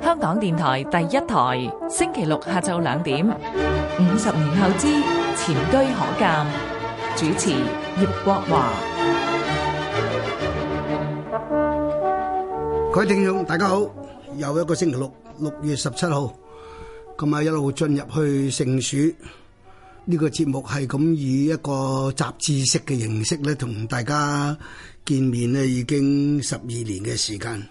香港電台第一台星期六下晝兩點五十年後之前車可鑑，主持葉國華。各位聽眾，大家好，又一個星期六，六月十七號，噉呀一路進入去盛暑，呢個節目係噉以一個雜誌式嘅形式呢，同大家見面咧，已經十二年嘅時間，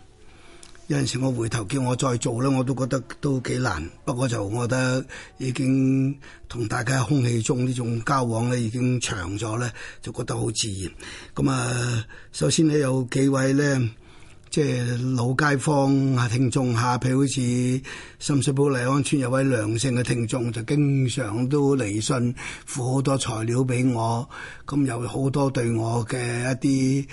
有陣時我回頭叫我再做咧，我都覺得都幾難。不過就我覺得已經同大家空氣中呢種交往咧已經長咗咧，就覺得好自然。咁、嗯、啊，首先呢，有幾位咧。即係老街坊啊，聽眾下，譬如好似深水埗麗安邨有位良性嘅聽眾，就經常都嚟信，付好多材料俾我，咁、嗯、有好多對我嘅一啲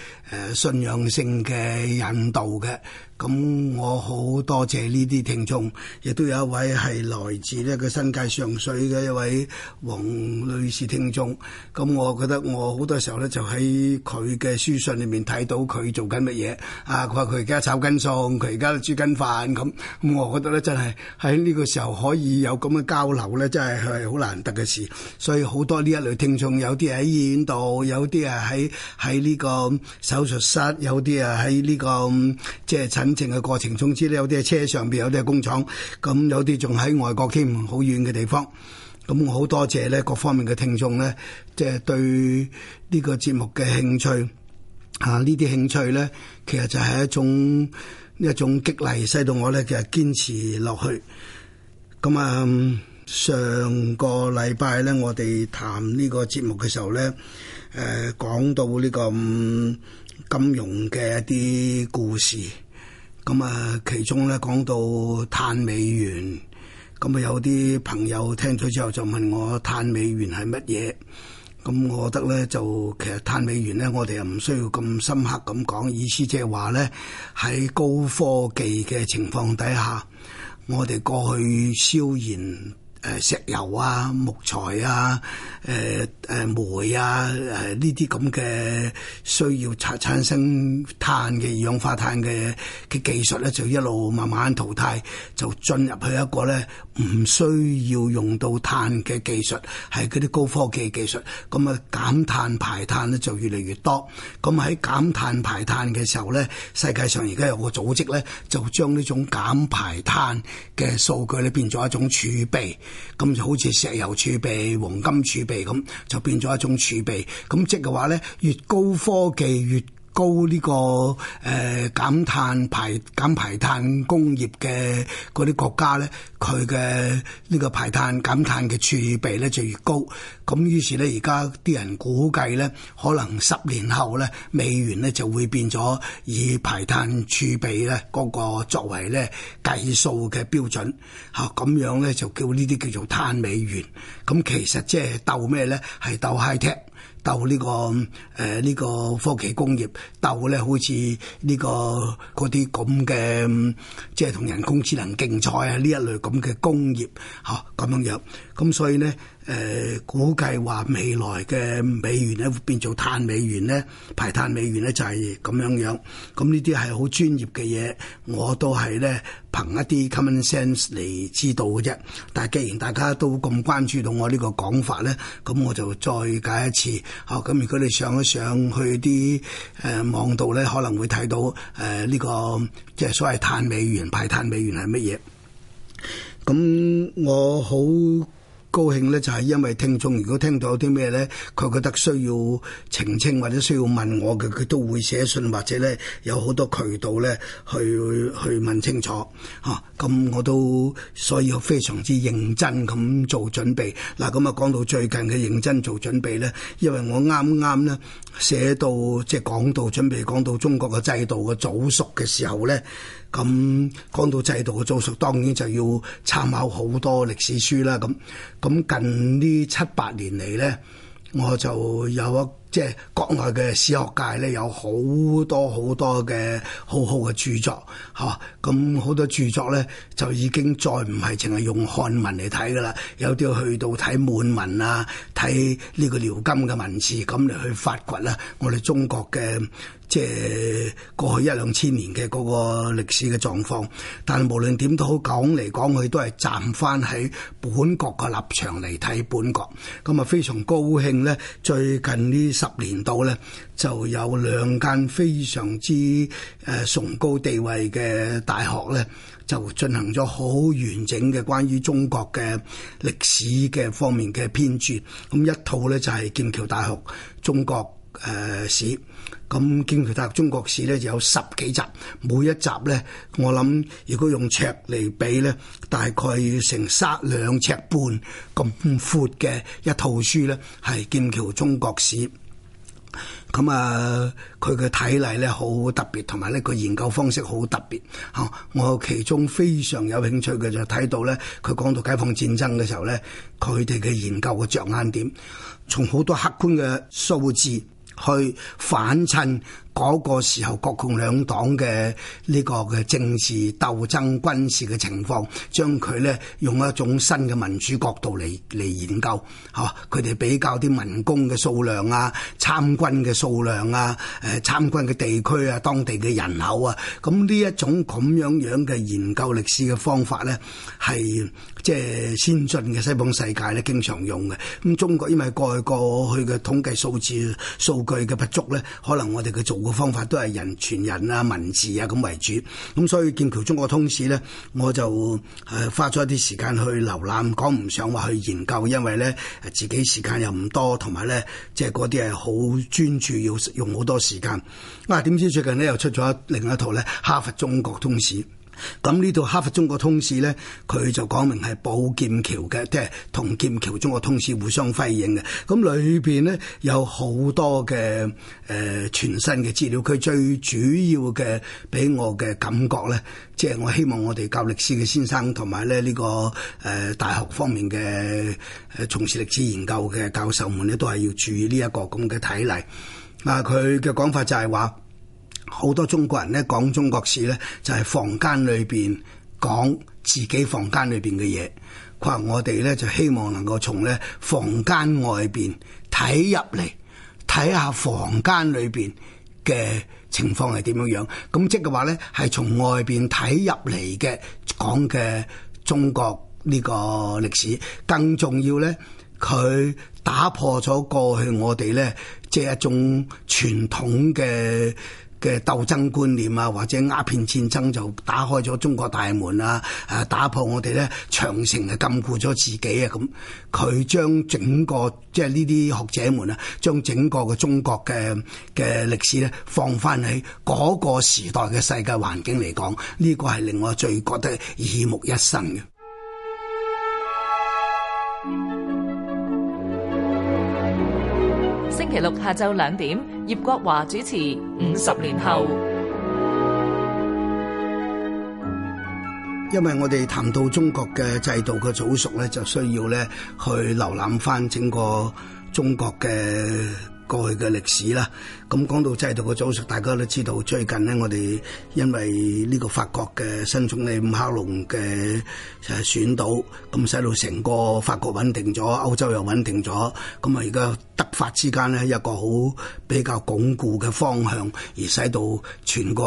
誒信仰性嘅引導嘅。咁我好多謝呢啲聽眾，亦都有一位係來自呢個新界上水嘅一位黃女士聽眾，咁我覺得我好多時候咧就喺佢嘅書信裏面睇到佢做緊乜嘢。啊，佢話佢而家炒緊餸，佢而家煮緊飯咁。咁我覺得咧真係喺呢個時候可以有咁嘅交流咧，真係係好難得嘅事。所以好多呢一類聽眾有啲喺醫院度，有啲啊喺喺呢個手術室，有啲啊喺呢個即係、就是、診。整嘅過程，總之呢，有啲係車上邊，有啲係工廠，咁有啲仲喺外國添，好遠嘅地方。咁我好多謝咧，各方面嘅聽眾咧，即係對呢個節目嘅興趣吓。呢啲興趣咧，其實就係一種一種激勵，使到我咧其實堅持落去。咁啊，上個禮拜咧，我哋談呢個節目嘅時候咧，誒講到呢個金融嘅一啲故事。咁啊，其中咧講到碳美元，咁、嗯、啊有啲朋友聽咗之後就問我碳美元係乜嘢？咁、嗯、我覺得咧就其實碳美元咧，我哋又唔需要咁深刻咁講，意思即係話咧喺高科技嘅情況底下，我哋過去燒燃。誒，石油啊、木材啊、誒、呃、誒煤啊、誒呢啲咁嘅需要產產生碳嘅二氧化碳嘅嘅技術咧，就一路慢慢淘汰，就進入去一個咧唔需要用到碳嘅技術，係嗰啲高科技技術。咁啊，減碳排碳咧就越嚟越多。咁喺減碳排碳嘅時候咧，世界上而家有個組織咧，就將呢種減排碳嘅數據咧變咗一種儲備。咁就好似石油儲備、黃金儲備，咁，就變咗一種儲備。咁即係嘅話，咧，越高科技越高呢、這個誒、呃、減碳排減排碳工業嘅嗰啲國家咧，佢嘅呢個排碳減碳嘅儲備咧就越高。咁於是咧，而家啲人估計咧，可能十年後咧，美元咧就會變咗以排碳儲備咧嗰、那個作為咧計數嘅標準。嚇、啊，咁樣咧就叫呢啲叫做碳美元。咁、啊、其實即係鬥咩咧？係鬥 High Tech。鬥呢、這個誒呢、呃這個科技工業，鬥咧好似呢、這個嗰啲咁嘅，即係同人工智能競賽啊呢一類咁嘅工業，嚇咁樣樣。咁、嗯、所以咧誒、呃，估計話未來嘅美元咧會變做碳美元咧，排碳美元咧就係、是、咁樣樣。咁呢啲係好專業嘅嘢，我都係咧憑一啲 common sense 嚟知道嘅啫。但係既然大家都咁關注到我個呢個講法咧，咁我就再解一次。好，咁如果你上一上去啲誒、呃、網度咧，可能會睇到誒呢、呃這個即係所謂碳美元、派碳美元係乜嘢。咁、嗯、我好。高興呢，就係因為聽眾，如果聽到有啲咩呢，佢覺得需要澄清或者需要問我嘅，佢都會寫信或者呢，有好多渠道呢去去問清楚嚇。咁、啊、我都所以我非常之認真咁做準備。嗱、啊，咁啊講到最近嘅認真做準備呢，因為我啱啱呢寫到即係、就是、講到準備，講到中國嘅制度嘅早熟嘅時候呢。咁講到制度嘅造熟，當然就要參考好多歷史書啦。咁咁近呢七八年嚟咧，我就有一。即係國外嘅史學界咧，有很多很多好多好多嘅好好嘅著作，吓、啊，咁好多著作咧，就已經再唔係淨係用漢文嚟睇㗎啦，有啲去到睇滿文啊，睇呢個遼金嘅文字咁嚟去發掘啦，我哋中國嘅即係過去一兩千年嘅嗰個歷史嘅狀況，但係無論點都好，講嚟講去，都係站翻喺本國嘅立場嚟睇本國咁啊，非常高興咧，最近呢十年度咧，就有兩間非常之誒崇高地位嘅大學咧，就進行咗好完整嘅關於中國嘅歷史嘅方面嘅編著。咁一套咧就係劍橋大學中國誒史。咁劍橋大學中國史咧就有十幾集，每一集咧，我諗如果用尺嚟比咧，大概成三兩尺半咁闊嘅一套書咧，係劍橋中國史。咁啊，佢嘅、嗯、體例咧好特別，同埋呢佢研究方式好特別。嚇、啊，我其中非常有興趣嘅就睇到咧，佢講到解放戰爭嘅時候咧，佢哋嘅研究嘅着眼點，從好多客觀嘅數字去反襯。嗰個時候，國共兩黨嘅呢個嘅政治鬥爭、軍事嘅情況，將佢咧用一種新嘅民主角度嚟嚟研究，嚇佢哋比較啲民工嘅數量啊、參軍嘅數量啊、誒參軍嘅地區啊、當地嘅人口啊，咁、嗯、呢一種咁樣樣嘅研究歷史嘅方法咧，係。即係先進嘅西方世界咧，經常用嘅。咁中國因為過去過去嘅統計數字數據嘅不足咧，可能我哋嘅做嘅方法都係人傳人啊、文字啊咁為主。咁所以劍橋中國通史咧，我就誒花咗一啲時間去瀏覽，講唔上話去研究，因為咧自己時間又唔多，同埋咧即係嗰啲係好專注要用好多時間。嗱、啊，點知最近咧又出咗另一套咧《哈佛中國通史》。咁呢度哈佛中國通史咧，佢就講明係保劍橋嘅，即係同劍橋中國通史互相輝映嘅。咁裏邊咧有好多嘅誒、呃、全新嘅資料。佢最主要嘅俾我嘅感覺咧，即係我希望我哋教歷史嘅先生同埋咧呢、這個誒、呃、大學方面嘅誒從事歷史研究嘅教授們咧，都係要注意呢一個咁嘅體例。啊，佢嘅講法就係話。好多中國人咧講中國史咧，就係房間裏邊講自己房間裏邊嘅嘢。佢話我哋咧就希望能夠從咧房間外邊睇入嚟，睇下房間裏邊嘅情況係點樣樣。咁即係話咧，係從外邊睇入嚟嘅講嘅中國呢個歷史。更重要咧，佢打破咗過去我哋咧即係一種傳統嘅嘅鬥爭觀念啊，或者鴉片戰爭就打開咗中國大門啊，誒打破我哋咧長城嘅禁錮咗自己啊，咁佢將整個即係呢啲學者們啊，將整個嘅中國嘅嘅歷史咧放翻喺嗰個時代嘅世界環境嚟講，呢個係令我最覺得耳目一新嘅。 星期六下晝兩點，葉國華主持《五十年後》。因為我哋談到中國嘅制度嘅早熟咧，就需要咧去瀏覽翻整個中國嘅過去嘅歷史啦。咁講到制度嘅組織，大家都知道最近咧，我哋因為呢個法國嘅新總理馬克龍嘅誒選到，咁使到成個法國穩定咗，歐洲又穩定咗，咁啊而家德法之間咧一個好比較鞏固嘅方向，而使到全個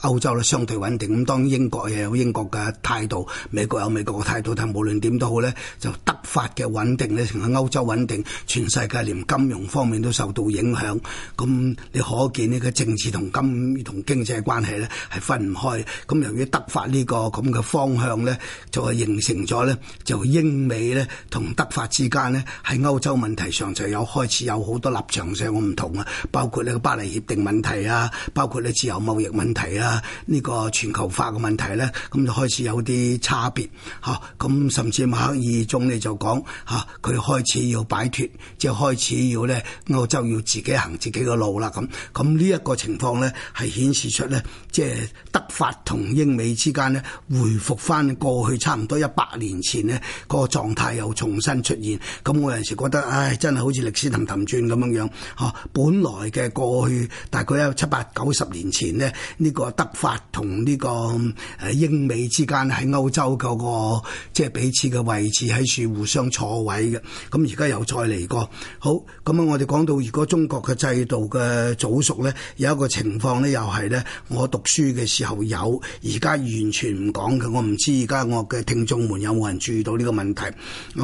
歐洲咧相對穩定。咁當英國又有英國嘅態度，美國有美國嘅態度，但係無論點都好咧，就德法嘅穩定咧，成個歐洲穩定，全世界連金融方面都受到影響。咁。你可見呢個政治同金同經濟嘅關係咧，係分唔開。咁由於德法呢個咁嘅方向咧，就係形成咗咧，就英美咧同德法之間咧喺歐洲問題上就有開始有好多立場上嘅唔同啊。包括呢個巴黎協定問題啊，包括呢自由貿易問題啊，呢、這個全球化嘅問題咧，咁就開始有啲差別嚇。咁、啊、甚至默克爾中咧就講嚇，佢、啊、開始要擺脱，即係開始要咧歐洲要自己行自己嘅路。啦咁咁呢一個情況咧，係顯示出咧，即係德法同英美之間呢，回復翻過去差唔多一百年前呢個狀態又重新出現。咁我有時覺得，唉，真係好似歷史騰騰轉咁樣樣。吓，本來嘅過去，大概有七八九十年前呢，呢個德法同呢個誒英美之間喺歐洲嘅個即係彼此嘅位置喺處互相錯位嘅。咁而家又再嚟過。好，咁啊，我哋講到如果中國嘅制度嘅。誒早熟咧，有一個情況咧，又係咧，我讀書嘅時候有，而家完全唔講嘅，我唔知而家我嘅聽眾們有冇人注意到呢個問題。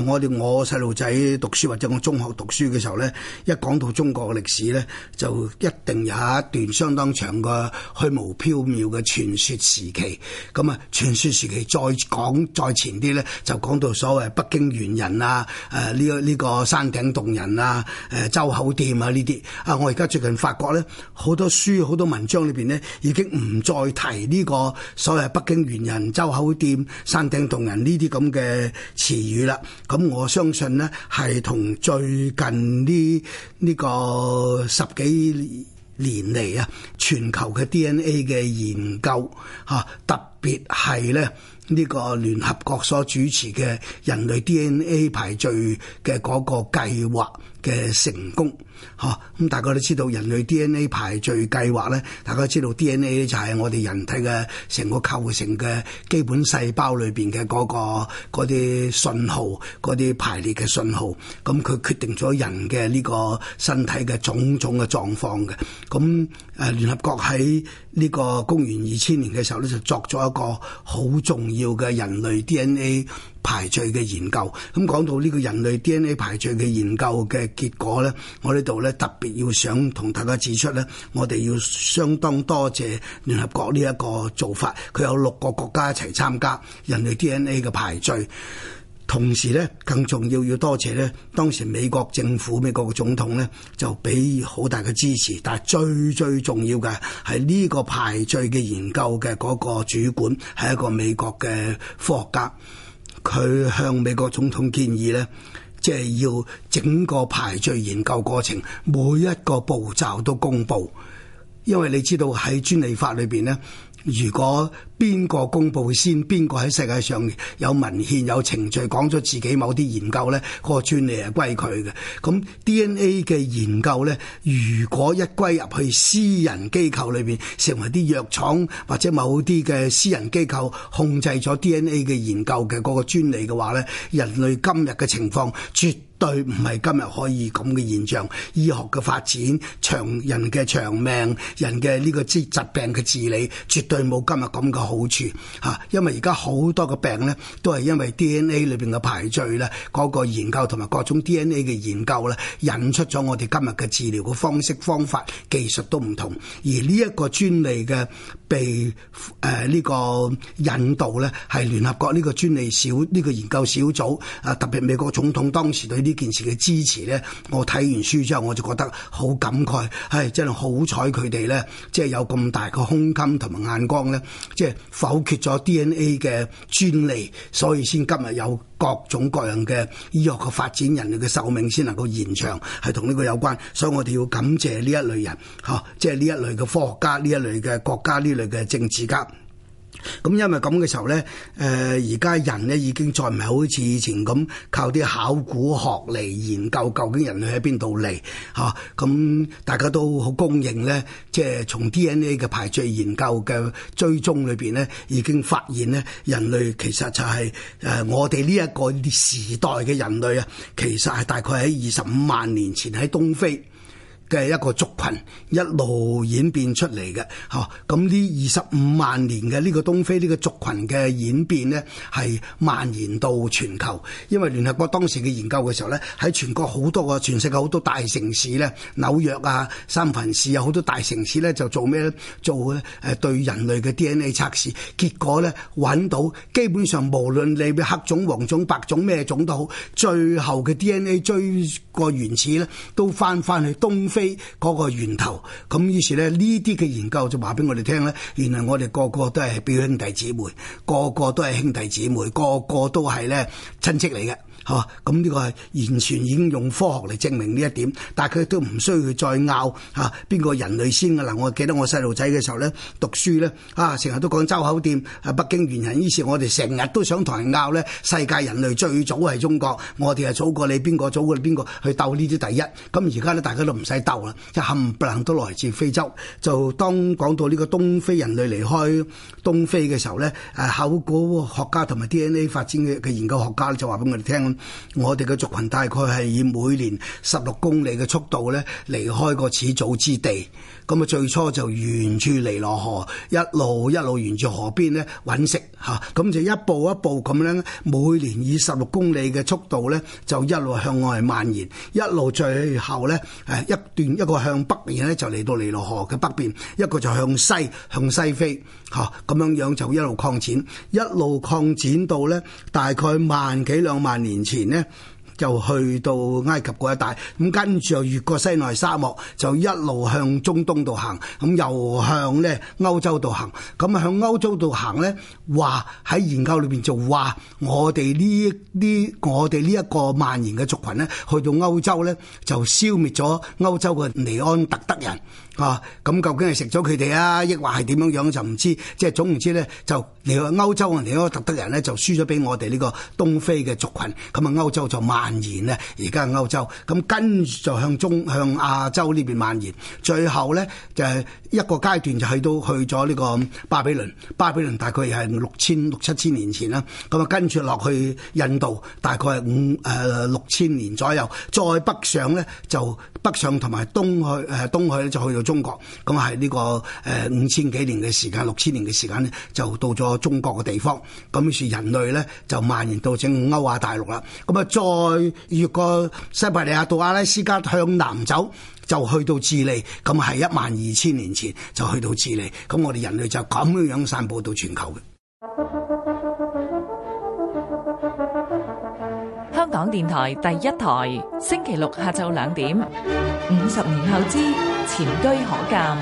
我哋我細路仔讀書或者我中學讀書嘅時候咧，一講到中國嘅歷史咧，就一定有一段相當長嘅虛無縹緲嘅傳說時期。咁、嗯、啊，傳說時期再講再前啲咧，就講到所謂北京猿人啊，誒、啊、呢、呢個呢、呢個山頂洞人啊，誒、啊、周口店啊呢啲。啊，我而家發覺咧，好多書、好多文章裏邊咧，已經唔再提呢個所謂北京猿人、周口店、山頂洞人呢啲咁嘅詞語啦。咁我相信呢係同最近呢呢個十幾年嚟啊，全球嘅 DNA 嘅研究嚇突。啊特別係咧呢個聯合國所主持嘅人類 DNA 排序嘅嗰個計劃嘅成功，嚇咁、嗯、大家都知道人類 DNA 排序計劃咧，大家都知道 DNA 咧就係我哋人體嘅成個構成嘅基本細胞裏邊嘅嗰個嗰啲信號、嗰啲排列嘅信號，咁、嗯、佢決定咗人嘅呢個身體嘅種種嘅狀況嘅，咁、嗯、誒聯合國喺。呢個公元二千年嘅時候咧，就作咗一個好重要嘅人類 DNA 排序嘅研究。咁、嗯、講到呢個人類 DNA 排序嘅研究嘅結果咧，我呢度咧特別要想同大家指出咧，我哋要相當多謝聯合國呢一個做法，佢有六個國家一齊參加人類 DNA 嘅排序。同時咧，更重要要多謝咧，當時美國政府、美國總統咧，就俾好大嘅支持。但係最最重要嘅係呢個排序嘅研究嘅嗰個主管係一個美國嘅科學家，佢向美國總統建議咧，即係要整個排序研究過程每一個步驟都公佈，因為你知道喺專利法裏邊咧，如果邊個公布先？邊個喺世界上有文獻、有程序講咗自己某啲研究咧？個專利係歸佢嘅。咁 DNA 嘅研究咧，如果一歸入去私人機構裏邊，成為啲藥廠或者某啲嘅私人機構控制咗 DNA 嘅研究嘅個專利嘅話咧，人類今日嘅情況絕對唔係今日可以咁嘅現象。醫學嘅發展、長人嘅長命、人嘅呢個即疾病嘅治理，絕對冇今日咁嘅好。好處嚇，因為而家好多個病咧，都係因為 DNA 裏邊嘅排序啦，嗰、嗰個研究同埋各種 DNA 嘅研究咧，引出咗我哋今日嘅治療嘅方式、方法、技術都唔同，而呢一個專利嘅。被誒呢、呃這個引導咧係聯合國呢個專利小呢、這個研究小組啊，特別美國總統當時對呢件事嘅支持咧，我睇完書之後我就覺得好感慨，唉、哎、真係好彩佢哋咧，即係有咁大個胸襟同埋眼光咧，即係否決咗 DNA 嘅專利，所以先今日有各種各樣嘅醫學嘅發展，人類嘅壽命先能夠延長係同呢個有關，所以我哋要感謝呢一類人，吓、啊，即係呢一類嘅科學家，呢一類嘅國家，呢類。嘅政治家，咁因為咁嘅時候咧，誒而家人咧已經再唔係好似以前咁靠啲考古學嚟研究究竟人類喺邊度嚟吓，咁、啊、大家都好公認咧，即係從 DNA 嘅排序研究嘅追蹤裏邊咧，已經發現咧人類其實就係、是、誒、呃、我哋呢一個時代嘅人類啊，其實係大概喺二十五萬年前喺東非。嘅一個族群一路演變出嚟嘅，吓，咁呢？二十五萬年嘅呢個東非呢個族群嘅演變咧，係蔓延到全球。因為聯合國當時嘅研究嘅時候咧，喺全國好多個，全世界好多大城市咧，紐約啊、三藩市啊好多大城市咧，就做咩咧？做咧誒對人類嘅 DNA 測試，結果咧揾到基本上無論你黑種黃種白種咩種都好，最後嘅 DNA 追個原始咧，都翻翻去東非。嗰個源頭，咁於是咧，呢啲嘅研究就話俾我哋聽咧，原來我哋個個都係表兄弟姊妹，個個都係兄弟姊妹，個個都係咧親戚嚟嘅。吓，咁呢、啊、個係完全已經用科學嚟證明呢一點，但係佢都唔需要再拗吓邊個人類先噶啦、啊。我記得我細路仔嘅時候咧，讀書咧，啊成日都講周口店啊北京猿人，於是，我哋成日都想同人拗咧，世界人類最早係中國，我哋係早過你邊個，早過你邊個去鬥呢啲第一。咁而家咧，大家都唔使鬥啦，就冚唪唥都來自非洲。就當講到呢個東非人類離開東非嘅時候咧，誒、啊、考古學家同埋 DNA 發展嘅嘅研究學家咧就話俾我哋聽。我哋嘅族群大概係以每年十六公里嘅速度咧，離開過始祖之地。咁啊，最初就沿住尼羅河一路一路沿住河邊咧揾食嚇，咁、啊、就一步一步咁樣，每年以十六公里嘅速度咧，就一路向外蔓延，一路最後咧誒一段一個向北面咧就嚟到尼羅河嘅北邊，一個就向西向西飛嚇，咁、啊、樣樣就一路擴展，一路擴展到咧大概萬幾兩萬年前咧。就去到埃及嗰一帶，咁跟住就越過西奈沙漠，就一路向中東度行，咁又向咧歐洲度行，咁啊向歐洲度行咧。話喺研究裏邊就話我哋呢呢我哋呢一個蔓延嘅族群咧，去到歐洲咧就消滅咗歐洲嘅尼安特德人啊！咁究竟係食咗佢哋啊，抑或係點樣樣就唔知，即係總唔知咧就嚟到歐洲尼安特德人咧就輸咗俾我哋呢個東非嘅族群，咁啊歐洲就蔓延咧，而家係歐洲，咁跟住就向中向亞洲呢邊蔓延，最後咧就係一個階段就去到去咗呢個巴比倫，巴比倫大概係。六千六七千年前啦，咁啊跟住落去印度，大概係五誒、呃、六千年左右，再北上咧就北上同埋東去誒、呃、東去咧就去到中國，咁係呢個誒五千幾年嘅時間，六千年嘅時間咧就到咗中國嘅地方，咁於是人類咧就蔓延到整歐亞大陸啦。咁啊再越過西伯利亞到阿拉斯加向南走，就去到智利，咁係一萬二千年前就去到智利，咁我哋人類就咁樣樣散布到全球嘅。香港電台第一台，星期六下晝兩點。五十年後之前車可鑑，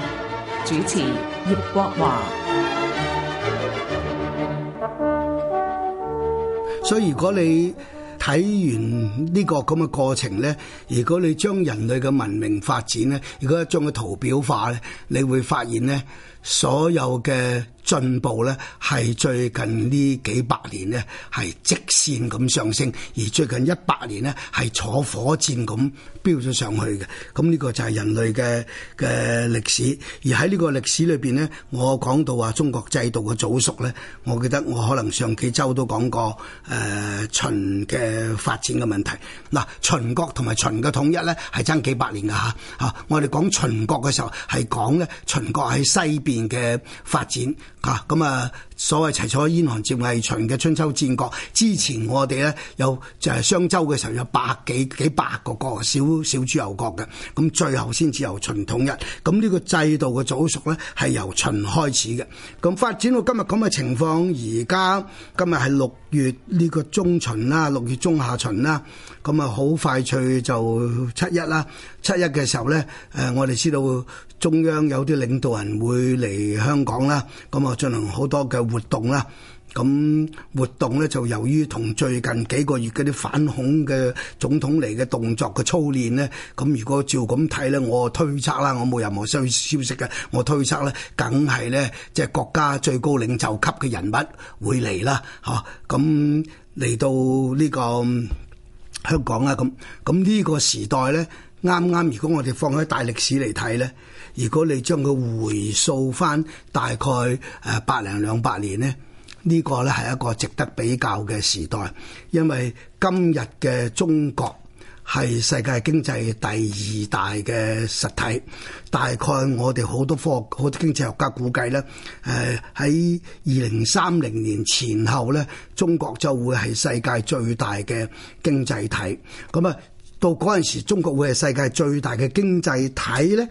主持葉國華。所以，如果你睇完呢個咁嘅過程咧，如果你將人類嘅文明發展咧，如果將佢圖表化咧，你會發現咧。所有嘅進步咧，係最近呢幾百年咧係直線咁上升，而最近一百年咧係坐火箭咁飆咗上去嘅。咁呢個就係人類嘅嘅歷史。而喺呢個歷史裏邊咧，我講到啊中國制度嘅早熟咧，我記得我可能上幾周都講過誒、呃、秦嘅發展嘅問題，嗱、呃，秦國同埋秦嘅統一咧係爭幾百年㗎吓，嚇、啊。我哋講秦國嘅時候係講咧秦國喺西邊。邊嘅發展啊，咁啊，所謂齊楚燕韓趙魏秦嘅春秋戰國之前我呢，我哋咧有就係、是、商周嘅時候有百幾幾百個國，小小諸侯國嘅，咁、啊、最後先至由秦統一。咁、啊、呢、這個制度嘅早熟咧係由秦開始嘅。咁、啊、發展到今日咁嘅情況，而家今日係六月呢個中旬啦，六月中下旬啦，咁啊好、啊、快脆就七一啦。七一嘅時候咧，誒、啊，我哋知道。中央有啲領導人會嚟香港啦，咁啊進行好多嘅活動啦。咁活動咧就由於同最近幾個月嗰啲反恐嘅總統嚟嘅動作嘅操練咧，咁如果照咁睇咧，我推測啦，我冇任何消消息嘅，我推測咧，梗係咧即係國家最高領袖級嘅人物會嚟啦，嚇。咁嚟到呢個香港啊，咁咁呢個時代咧，啱啱如果我哋放喺大歷史嚟睇咧。如果你將佢回溯翻大概誒百零兩百年呢，呢個咧係一個值得比較嘅時代，因為今日嘅中國係世界經濟第二大嘅實體，大概我哋好多科學，好多經濟學家估計咧，誒喺二零三零年前後咧，中國就會係世界最大嘅經濟體。咁啊，到嗰陣時，中國會係世界最大嘅經濟體咧。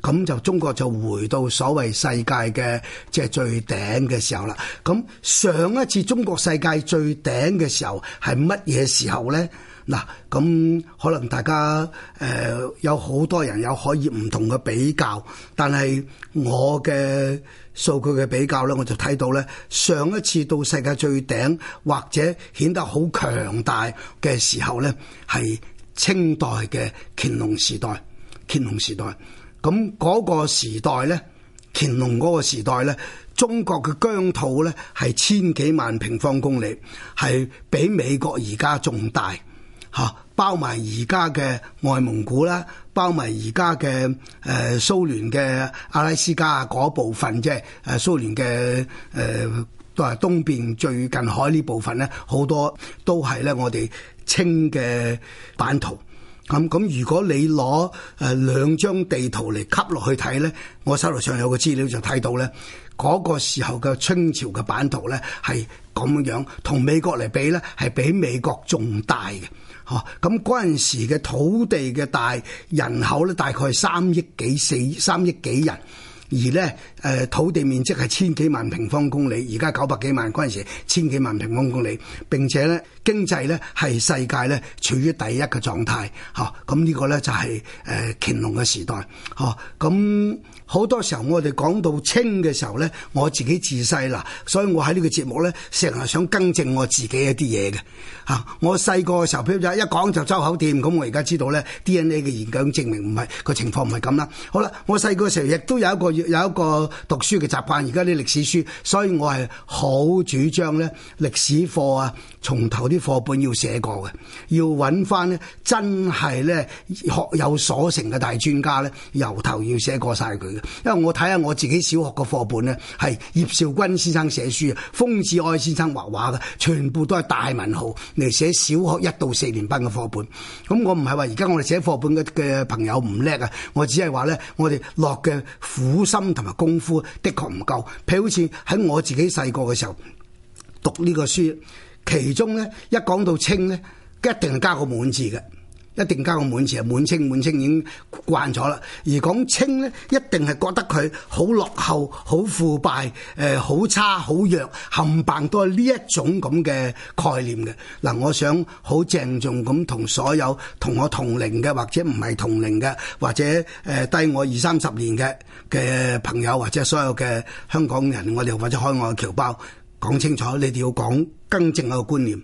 咁就中國就回到所謂世界嘅即係最頂嘅時候啦。咁上一次中國世界最頂嘅時候係乜嘢時候咧？嗱，咁可能大家誒、呃、有好多人有可以唔同嘅比較，但係我嘅數據嘅比較咧，我就睇到咧上一次到世界最頂或者顯得好強大嘅時候咧，係清代嘅乾隆時代。乾隆時代。咁嗰個時代咧，乾隆嗰個時代咧，中國嘅疆土咧係千幾萬平方公里，係比美國而家仲大嚇，包埋而家嘅外蒙古啦，包埋而家嘅誒蘇聯嘅阿拉斯加嗰部分，即係誒蘇聯嘅誒都係東邊最近海呢部分咧，好多都係咧我哋清嘅版圖。咁咁、嗯，如果你攞誒兩張地圖嚟吸落去睇咧，我手頭上有個資料就睇到咧，嗰、那個時候嘅清朝嘅版圖咧係咁樣，同美國嚟比咧係比美國仲大嘅，嚇、啊。咁嗰陣時嘅土地嘅大人口咧大概係三億幾四三億幾人，而咧誒、呃、土地面積係千幾萬平方公里，而家九百幾萬，嗰陣時千幾萬平方公里，並且咧。經濟咧係世界咧處於第一嘅狀態，嚇咁呢個咧就係誒乾隆嘅時代，嚇咁好多時候我哋講到清嘅時候咧，我自己自細嗱，所以我喺呢個節目咧成日想更正我自己一啲嘢嘅嚇，我細個時候譬如一講就周口店，咁我而家知道咧 D N A 嘅研究證明唔係個情況唔係咁啦。好啦，我細個嘅時候亦都有一個有一個讀書嘅習慣，而家啲歷史書，所以我係好主張咧歷史課啊。從頭啲課本要寫過嘅，要揾翻咧真係咧學有所成嘅大專家咧，由頭要寫過晒佢嘅。因為我睇下我自己小學嘅課本咧，係葉紹鈞先生寫書，豐子愷先生畫畫嘅，全部都係大文豪嚟寫小學一到四年班嘅課本。咁、嗯、我唔係話而家我哋寫課本嘅嘅朋友唔叻啊，我只係話咧我哋落嘅苦心同埋功夫的確唔夠。譬如好似喺我自己細個嘅時候讀呢個書。其中咧一講到清咧，一定係加個滿字嘅，一定加個滿字啊！滿清滿清已經慣咗啦。而講清咧，一定係覺得佢好落後、好腐敗、誒、呃、好差、好弱，冚唪棒都係呢一種咁嘅概念嘅嗱、呃。我想好鄭重咁同所有同我同齡嘅，或者唔係同齡嘅，或者誒低、呃、我二三十年嘅嘅朋友或者所有嘅香港人，我哋或者海外嘅僑胞。講清楚，你哋要講更正一個觀念，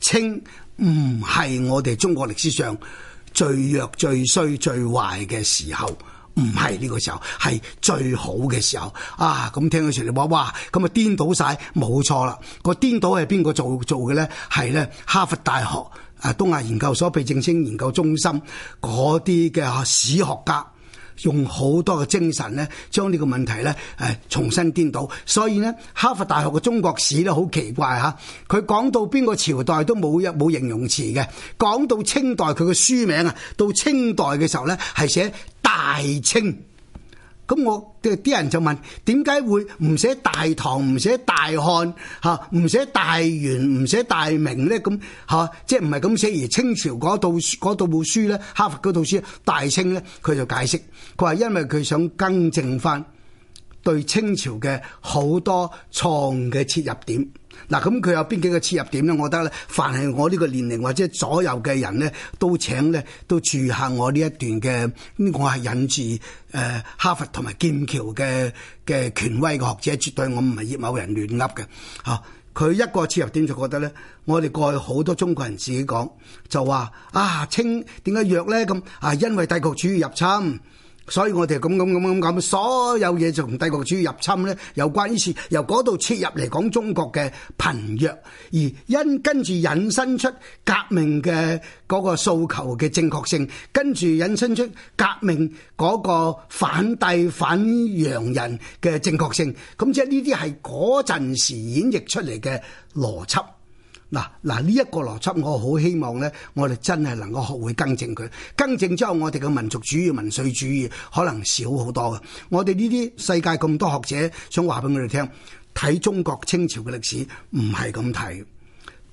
清唔係我哋中國歷史上最弱、最衰、最壞嘅時候，唔係呢個時候，係最好嘅時候。啊，咁聽佢哋話，哇，咁啊顛倒晒，冇錯啦。個顛倒係邊個做做嘅咧？係咧哈佛大學啊東亞研究所費正清研究中心嗰啲嘅史學家。用好多嘅精神咧，將呢個問題咧誒重新顛倒，所以呢，哈佛大學嘅中國史咧好奇怪吓，佢講到邊個朝代都冇一冇形容詞嘅，講到清代佢嘅書名啊，到清代嘅時候咧係寫大清。咁我啲人就問點解會唔寫大唐、唔寫大漢、嚇唔寫大元、唔寫大明咧？咁嚇、啊、即係唔係咁寫？而清朝嗰套嗰套書咧，哈佛嗰套書《大清》咧，佢就解釋，佢話因為佢想更正翻。對清朝嘅好多錯誤嘅切入點，嗱咁佢有邊幾個切入點咧？我覺得咧，凡係我呢個年齡或者左右嘅人咧，都請咧都注意下我呢一段嘅，我係引住誒哈佛同埋劍橋嘅嘅權威嘅學者，絕對我唔係葉某人亂噏嘅嚇。佢、啊、一個切入點就覺得咧，我哋過去好多中國人自己講就話啊，清點解弱咧咁啊？因為帝國主義入侵。所以我哋咁咁咁咁咁，所有嘢就同帝國主義入侵咧有關，於是由嗰度切入嚟講中國嘅貧弱，而因跟住引申出革命嘅嗰個訴求嘅正確性，跟住引申出革命嗰個反帝反洋人嘅正確性。咁即係呢啲係嗰陣時演繹出嚟嘅邏輯。嗱嗱、這個、呢一個邏輯，我好希望咧，我哋真係能夠學會更正佢，更正之後，我哋嘅民族主義、民粹主義可能少好多啊！我哋呢啲世界咁多學者想話俾我哋聽，睇中國清朝嘅歷史唔係咁睇。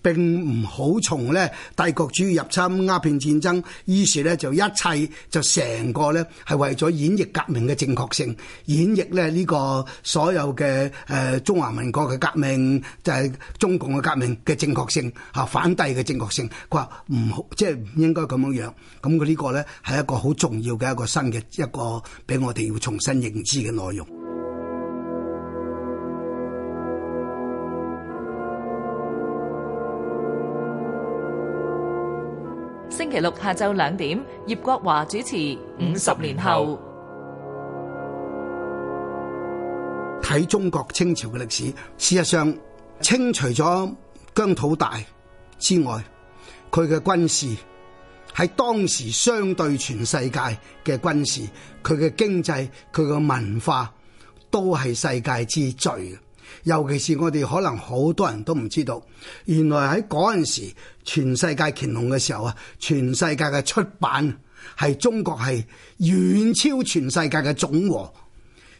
並唔好從咧帝國主義入侵、鴉片戰爭，於是咧就一切就成個咧係為咗演繹革命嘅正確性，演繹咧呢個所有嘅誒中華民國嘅革命就係、是、中共嘅革命嘅正確性、嚇反帝嘅正確性，佢話唔好即係唔應該咁樣樣，咁佢呢個咧係一個好重要嘅一個新嘅一個俾我哋要重新認知嘅內容。星期六下晝兩點，葉國華主持《五十年後》。睇中國清朝嘅歷史，事實上清除咗疆土大之外，佢嘅軍事喺當時相對全世界嘅軍事，佢嘅經濟，佢嘅文化都係世界之最。尤其是我哋可能好多人都唔知道，原來喺嗰陣時全世界乾隆嘅時候啊，全世界嘅出版係中國係遠超全世界嘅總和，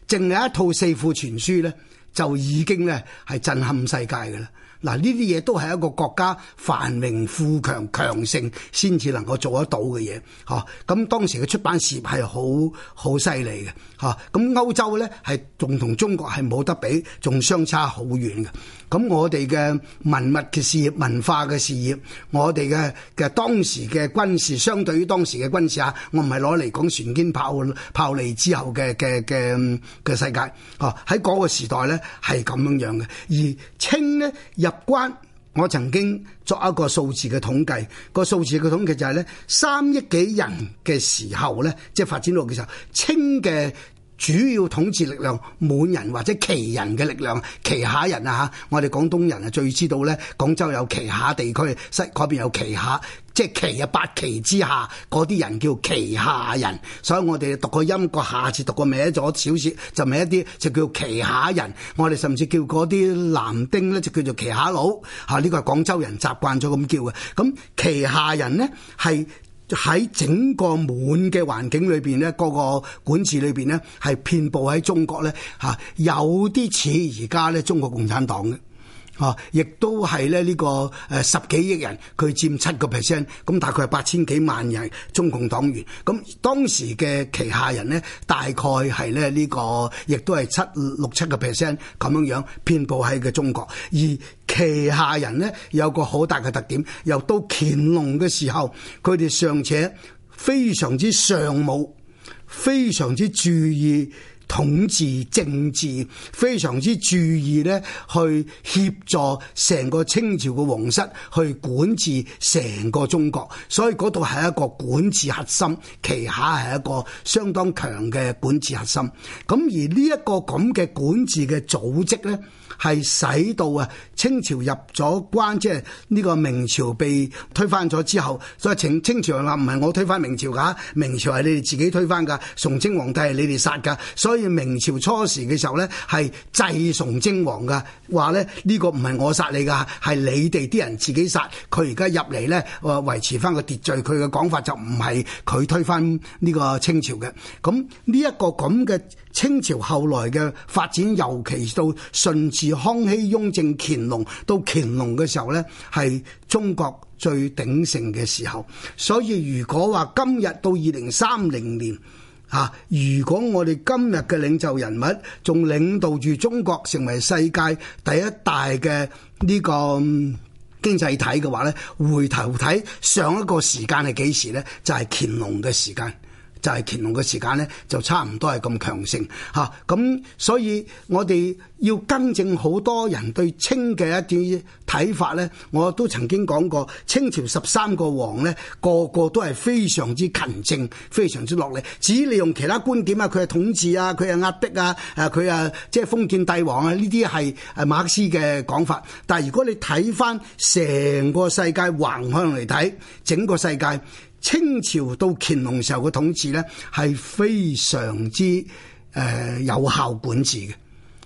淨係一套四庫全書咧就已經咧係震撼世界噶啦。嗱，呢啲嘢都係一個國家繁榮富強強盛先至能夠做得到嘅嘢，嚇、啊。咁當時嘅出版事業係好好犀利嘅，嚇。咁、啊、歐洲咧係仲同中國係冇得比，仲相差好遠嘅。咁我哋嘅文物嘅事業、文化嘅事業，我哋嘅嘅當時嘅軍事，相對於當時嘅軍事啊，我唔係攞嚟講船堅炮炮利之後嘅嘅嘅嘅世界哦。喺嗰個時代咧係咁樣樣嘅，而清呢入關，我曾經作一個數字嘅統計，這個數字嘅統計就係咧三億幾人嘅時候咧，即係發展到嘅時候，清嘅。主要統治力量滿人或者旗人嘅力量，旗下人啊嚇！我哋廣東人啊最知道咧，廣州有旗下地區，西嗰邊有旗下，即係旗啊八旗之下嗰啲人叫旗下人，所以我哋讀個音個下字讀個歪咗少少，就歪一啲就叫旗下人。我哋甚至叫嗰啲藍丁咧就叫做旗下佬嚇，呢個係廣州人習慣咗咁叫嘅。咁旗下人呢，係。喺整個滿嘅環境裏邊呢，嗰個管治裏邊呢，係遍佈喺中國呢，嚇，有啲似而家呢中國共產黨嘅。哦、啊，亦都係咧呢個誒十幾億人，佢佔七個 percent，咁大概係八千幾萬人中共黨員。咁、嗯、當時嘅旗下人呢，大概係咧呢個，亦都係七六七個 percent 咁樣樣，遍佈喺嘅中國。而旗下人呢，有個好大嘅特點，又到乾隆嘅時候，佢哋尚且非常之尚武，非常之注意。統治政治非常之注意呢去協助成個清朝嘅皇室去管治成個中國，所以嗰度係一個管治核心，旗下係一個相當強嘅管治核心。咁而呢一個咁嘅管治嘅組織呢，係使到啊清朝入咗關，即係呢個明朝被推翻咗之後，所以清清朝啊，唔係我推翻明朝㗎，明朝係你哋自己推翻㗎，崇禎皇帝係你哋殺㗎，所以所以明朝初時嘅時候呢，係祭崇禎王噶，話呢，呢個唔係我殺你噶，係你哋啲人自己殺。佢而家入嚟呢，維持翻個秩序。佢嘅講法就唔係佢推翻呢個清朝嘅。咁呢一個咁嘅清朝後來嘅發展，尤其到順治、康熙、雍正、乾隆，到乾隆嘅時候呢，係中國最鼎盛嘅時候。所以如果話今日到二零三零年。啊！如果我哋今日嘅領袖人物仲領導住中國成為世界第一大嘅呢個經濟體嘅話咧，回頭睇上一個時間係幾時咧？就係乾隆嘅時間。就係乾隆嘅時間咧，就差唔多係咁強盛嚇，咁、啊嗯、所以我哋要更正好多人對清嘅一啲睇法咧。我都曾經講過，清朝十三個王咧，個個都係非常之勤政，非常之落力。至於利用其他觀點啊，佢係統治啊，佢係壓迫啊，誒佢啊，即係封建帝王啊，呢啲係誒馬克思嘅講法。但係如果你睇翻成個世界橫向嚟睇，整個世界。清朝到乾隆時候嘅統治咧，係非常之誒、呃、有效管治嘅，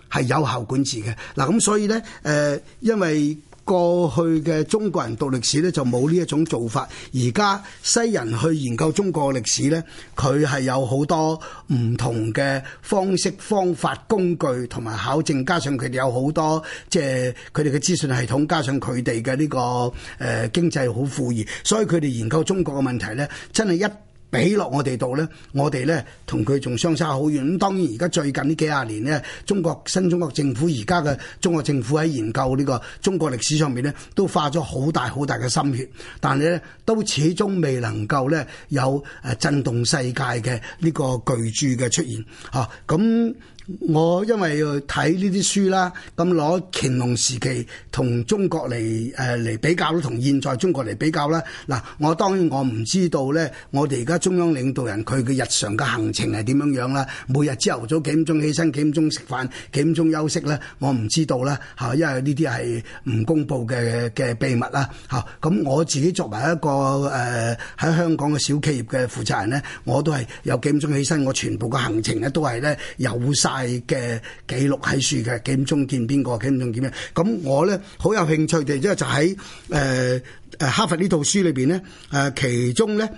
係有效管治嘅。嗱，咁所以咧，誒、呃，因為。過去嘅中國人讀歷史咧，就冇呢一種做法。而家西人去研究中國歷史呢，佢係有好多唔同嘅方式、方法、工具，同埋考證。加上佢哋有好多即係佢哋嘅資訊系統，加上佢哋嘅呢個誒、呃、經濟好富裕，所以佢哋研究中國嘅問題呢，真係一。比落我哋度咧，我哋咧同佢仲相差好遠。咁當然而家最近呢幾廿年呢，中國新中國政府而家嘅中國政府喺研究呢個中國歷史上面咧，都花咗好大好大嘅心血，但係咧都始終未能夠咧有誒震動世界嘅呢個巨著嘅出現嚇咁。啊。我因為要睇呢啲書啦，咁攞乾隆時期同中國嚟誒嚟比較啦，同現在中國嚟比較啦。嗱，我當然我唔知道咧，我哋而家中央領導人佢嘅日常嘅行程係點樣樣啦？每日朝頭早幾點鐘起身，幾點鐘食飯，幾點鐘休息咧？我唔知道啦。吓，因為呢啲係唔公佈嘅嘅秘密啦。吓，咁我自己作為一個誒喺、呃、香港嘅小企業嘅負責人咧，我都係有幾點鐘起身，我全部嘅行程咧都係咧有晒。係嘅記錄喺書嘅，幾點鐘見邊個，幾點鐘見咩？咁我咧好有興趣嘅，即係就喺誒誒哈佛呢套書裏邊咧誒，其中咧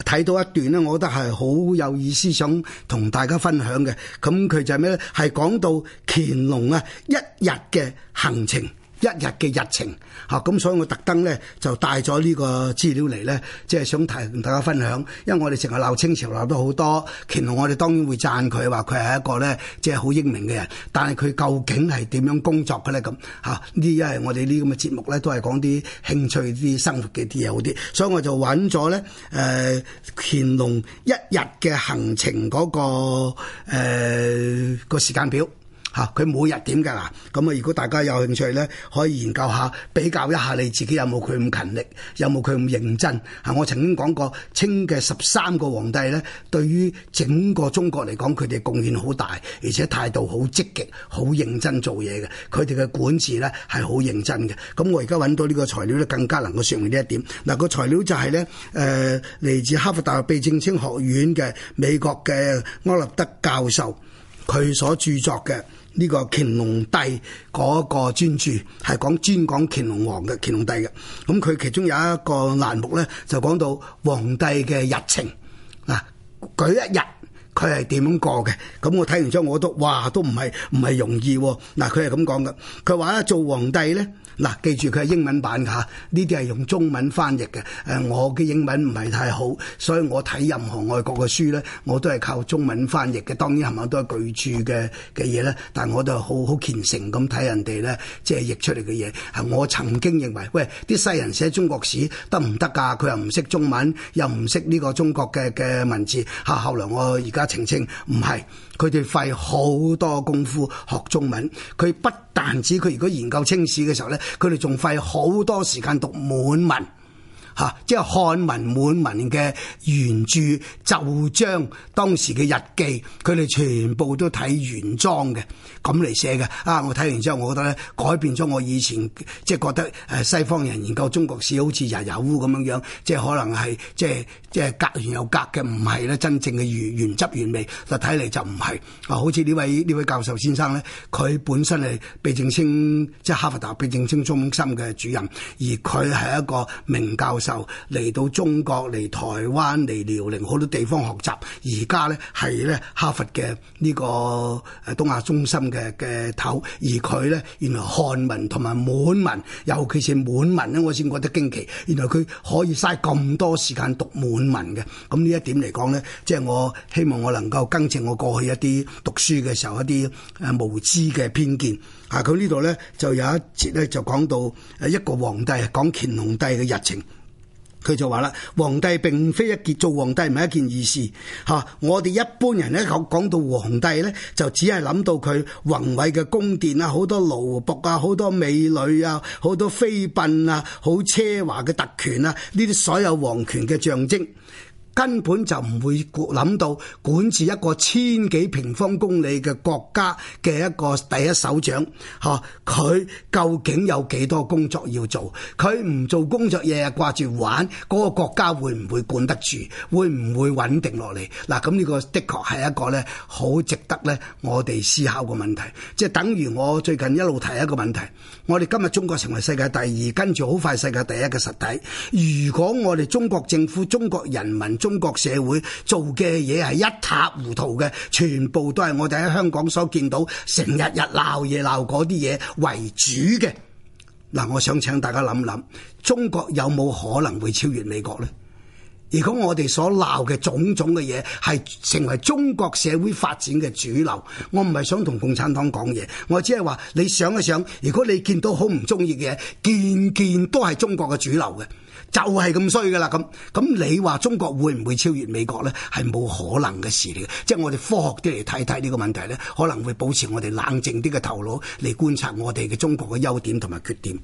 睇到一段咧，我覺得係好有意思，想同大家分享嘅。咁佢就係咩咧？係講到乾隆啊一日嘅行程。一日嘅日程，嚇，咁所以我特登咧就帶咗呢個資料嚟咧，即係想提同大家分享。因為我哋成日鬧清朝鬧得好多，乾隆我哋當然會讚佢話佢係一個咧即係好英明嘅人，但係佢究竟係點樣工作嘅咧咁嚇？啊、呢一係我哋呢咁嘅節目咧都係講啲興趣啲生活嘅啲嘢好啲，所以我就揾咗咧誒乾隆一日嘅行程嗰、那個誒、呃、個時間表。嚇佢每日點㗎嗱？咁啊，如果大家有興趣咧，可以研究下，比較一下你自己有冇佢咁勤力，有冇佢咁認真？嚇，我曾經講過，清嘅十三個皇帝咧，對於整個中國嚟講，佢哋貢獻好大，而且態度好積極，好認真做嘢嘅。佢哋嘅管治咧係好認真嘅。咁我而家揾到呢個材料咧，更加能夠説明呢一點。嗱、那個材料就係、是、咧，誒、呃、嚟自哈佛大學費正清學院嘅美國嘅柯立德教授，佢所著作嘅。呢個乾隆帝嗰個專注係，講專講乾隆皇嘅乾隆帝嘅。咁、嗯、佢其中有一個欄目咧，就講到皇帝嘅日程嗱、啊，舉一日。佢係點樣過嘅？咁我睇完咗我都，哇，都唔係唔係容易嗱、哦，佢係咁講噶。佢話咧，做皇帝咧，嗱、啊，記住佢係英文版吓，呢啲係用中文翻譯嘅。誒我嘅英文唔係太好，所以我睇任何外國嘅書咧，我都係靠中文翻譯嘅。當然係咪都係巨著嘅嘅嘢咧？但係我都係好好虔誠咁睇人哋咧，即係譯出嚟嘅嘢。係我曾經認為喂，啲西人寫中國史得唔得㗎？佢、啊、又唔識中文，又唔識呢個中國嘅嘅文字。吓、啊、後來我而家。澄清，唔係，佢哋費好多功夫學中文。佢不但止，佢如果研究清史嘅時候咧，佢哋仲費好多時間讀滿文。吓、啊，即係漢文滿文嘅原著、奏章、當時嘅日記，佢哋全部都睇原裝嘅，咁嚟寫嘅。啊，我睇完之後我覺得咧改變咗我以前即係覺得誒西方人研究中國史好似牙牙烏咁樣，樣，即係可能係即係即係隔完又隔嘅，唔係咧真正嘅原原汁原味。但睇嚟就唔係啊，好似呢位呢位教授先生咧，佢本身係費正清，即係哈佛大學費正清中心嘅主任，而佢係一個明教。就嚟到中國嚟台灣嚟遼寧好多地方學習，而家咧係咧哈佛嘅呢個東亞中心嘅嘅頭，而佢咧原來漢文同埋滿文，尤其是滿文咧，我先覺得驚奇。原來佢可以嘥咁多時間讀滿文嘅，咁呢一點嚟講咧，即係我希望我能夠更正我過去一啲讀書嘅時候一啲誒無知嘅偏見。啊，佢呢度咧就有一節咧就講到誒一個皇帝講乾隆帝嘅日程。佢就話啦，皇帝並非一件，做皇帝唔係一件易事嚇。我哋一般人咧講到皇帝咧，就只係諗到佢宏偉嘅宮殿啊，好多奴僕啊，好多美女啊，好多妃嬪啊，好奢華嘅特權啊，呢啲所有皇權嘅象徵。根本就唔會諗到管治一個千幾平方公里嘅國家嘅一個第一首長吓，佢究竟有幾多工作要做？佢唔做工作，日日掛住玩，嗰個國家會唔會管得住？會唔會穩定落嚟？嗱，咁、這、呢個的確係一個咧，好值得咧，我哋思考嘅問題，即係等於我最近一路提一個問題，我哋今日中國成為世界第二，跟住好快世界第一嘅實體，如果我哋中國政府、中國人民，中國社會做嘅嘢係一塌糊塗嘅，全部都係我哋喺香港所見到，成日日鬧嘢鬧嗰啲嘢為主嘅。嗱，我想請大家諗諗，中國有冇可能會超越美國呢？如果我哋所鬧嘅種種嘅嘢係成為中國社會發展嘅主流，我唔係想同共產黨講嘢，我只係話你想一想，如果你見到好唔中意嘅嘢，件件都係中國嘅主流嘅。就係咁衰噶啦，咁咁你話中國會唔會超越美國呢？係冇可能嘅事嚟嘅，即係我哋科學啲嚟睇睇呢個問題，呢可能會保持我哋冷靜啲嘅頭腦嚟觀察我哋嘅中國嘅優點同埋缺點。